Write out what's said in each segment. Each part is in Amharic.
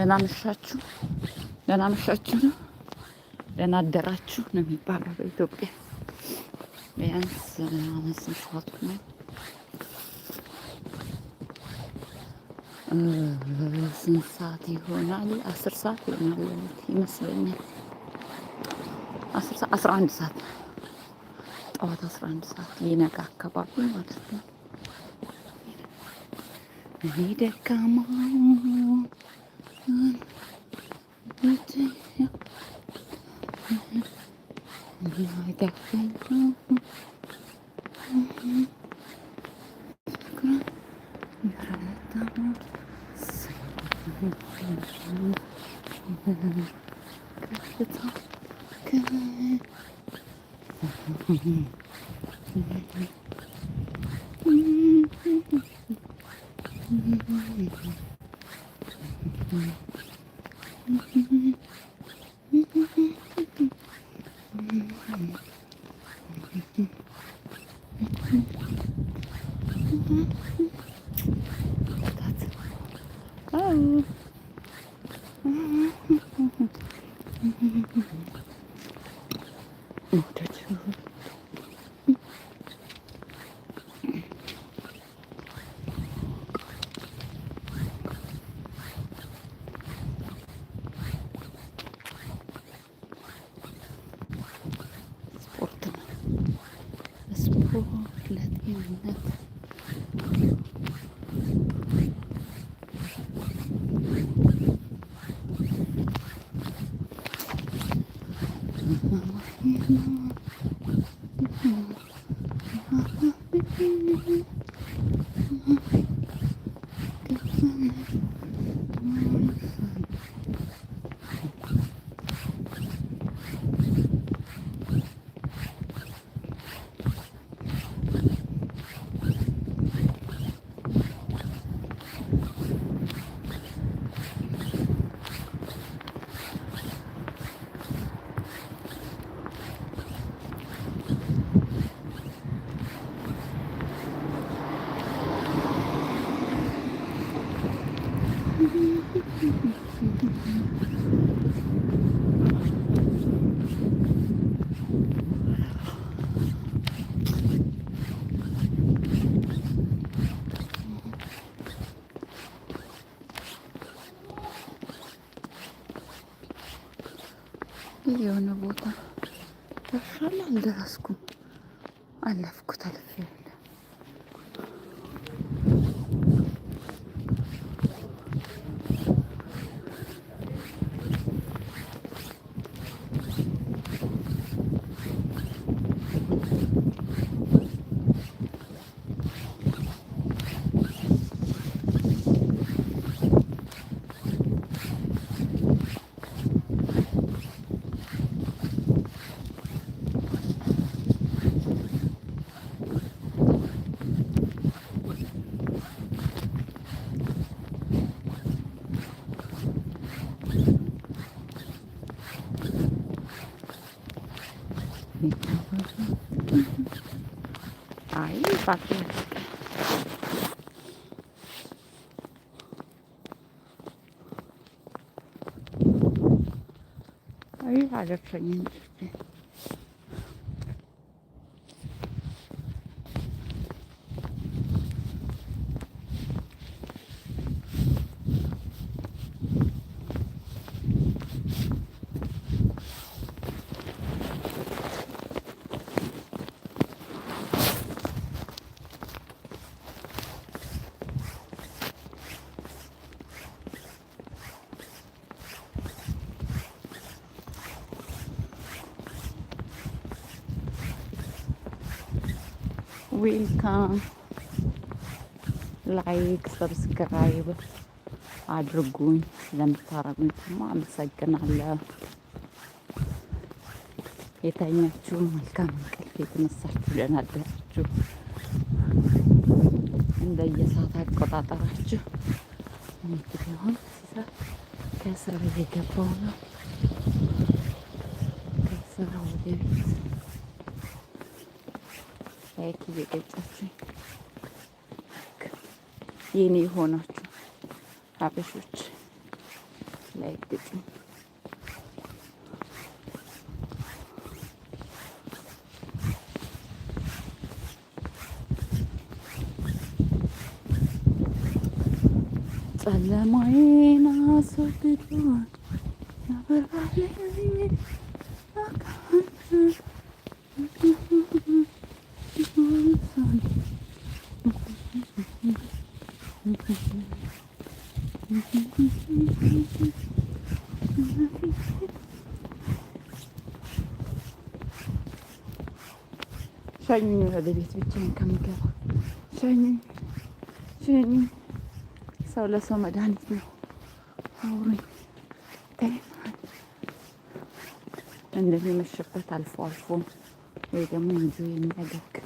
ደህና መሻችሁ፣ ደህና መሻችሁ ነው፣ ደህና አደራችሁ ነው የሚባለው በኢትዮጵያ ቢያንስ አምስት ሰዓቱ ነው። ስንት ሰዓት ይሆናል? አስር ሰዓት ይሆናል ይመስለኛል። አስራ አንድ ሰዓት ጠዋት አስራ አንድ ሰዓት ሊነጋ አካባቢ ማለት ነው። እኔ ደካማ Mm-hmm. Mm-hmm. የሆነ ቦታ ደርሻለሁ። አልደረስኩም፣ አለፍኩት፣ አልፌ 哎呀，这声音！ዌልካም ላይክ ሰብስክራይብ አድርጉኝ። ለምታረጉኝ ደግሞ አመሰግናለሁ። የተኛችሁ መልካም እንቅልፍ፣ የተነሳችሁ ደህና አደራችሁ። እንደየሰዓት አቆጣጠራችሁ እንግዲህ አሁን ከስራ እየገባሁ ነው። ከስራ ወደ ቤት ላይክ እየገጫችሁ የኔ የሆናችሁ ሀበሾች ላይክ ግጭ። ጨለማዬን አስወግዷል ነበርባለ ሸኙኝ ወደ ቤት ብቻዬን ከምገባ ሸኙኝ ሸኙኝ። ሰው ለሰው መድኃኒት ነው። አውሩኝ እንደዚህ መሸበት አልፎ አልፎ ወይ ደግሞ እንጂ የሚያደግ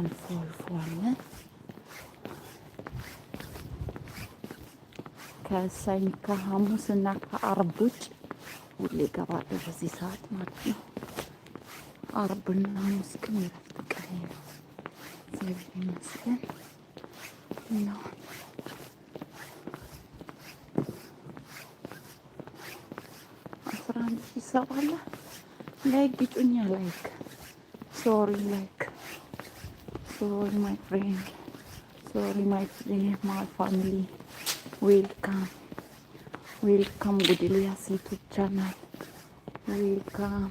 አልፎ አልፎ አለ። ከሰኞ ከሐሙስና ከአርብ ውጭ ሁሌ እገባለሁ በዚህ ሰዓት ማለት ነው። ረብና ይመስገን የእረፍት ቀኔ ነው። እግዚአብሔር ይመስገን ነው። አስራ አንድ ሺህ ሰው አለ። ላይክ ግጩኛ። ላይክ ሶሪ፣ ላይክ ሶሪ ማይ ፍሬንድ ሶሪ ማይ ፍሬንድ ማይ ፋሚሊ ዌልካም ዌልካም ጉድልያስ ዩቱብ ቻናል ዌልካም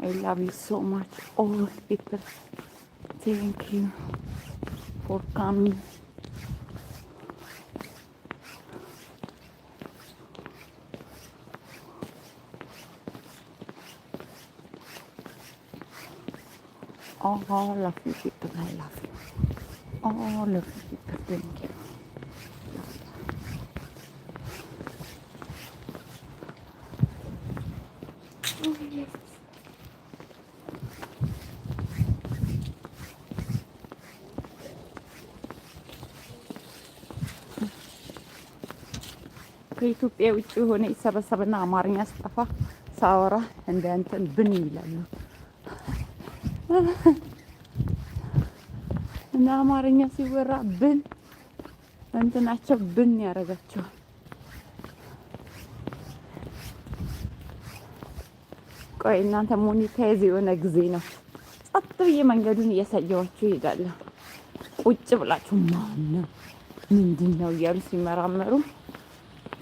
I love you so much, all people. Thank you for coming. All of you people, I love you. All of you oh, people, thank you. ከኢትዮጵያ ውጭ የሆነ ይሰበሰብና አማርኛ ስጠፋ ሳወራ እንደ እንትን ብን ይላሉ እና አማርኛ ሲወራ ብን እንትናቸው ብን ያደርጋቸዋል። ቆይ እናንተ ሞኒታይዝ የሆነ ጊዜ ነው ጸጥ ብዬ መንገዱን እያሳየዋችሁ ይሄዳለሁ። ቁጭ ብላችሁ ማነው ምንድን ነው እያሉ ሲመራመሩ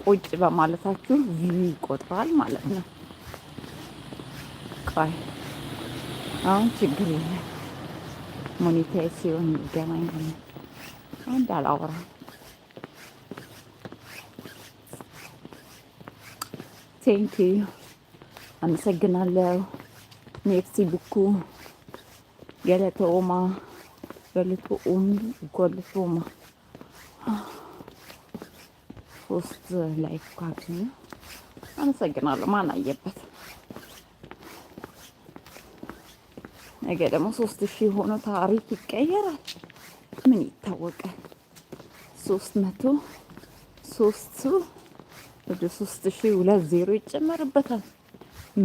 ቁጭ በማለታችሁ ቪው ይቆጥራል ማለት ነው። ቃይ አሁን ችግር የለም። ሞኔታይዝ ሲሆን ይገናኛል። አንድ አላውራ ቴንክ ዩ አመሰግናለሁ። ሜርሲ ብኩ ገለተኦማ ገለተኦሚ ጎልቶማ ሶስት ላይክ ነው። አመሰግናለሁ። ማን አየበት። ነገ ደግሞ ሶስት ሺህ ሆኖ ታሪክ ይቀየራል። ምን ይታወቃል? ሶስት መቶ ሶስቱ ወደ ሶስት ሺህ ሁለት ዜሮ ይጨመርበታል።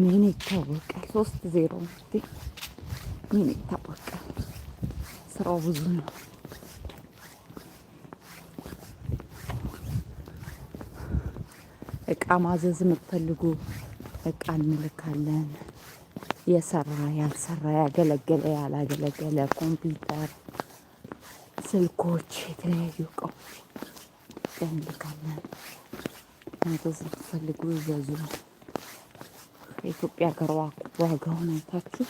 ምን ይታወቃል? ሶስት ዜሮ ምን ይታወቃል? ስራው ብዙ ነው። እቃ ማዘዝ የምትፈልጉ እቃ እንልካለን። የሰራ ያልሰራ፣ ያገለገለ ያላገለገለ፣ ኮምፒውተር፣ ስልኮች፣ የተለያዩ እቃዎች እንልካለን። ማዘዝ የምትፈልጉ ዘዙ። የኢትዮጵያ ሀገር ዋጋውን አይታችሁ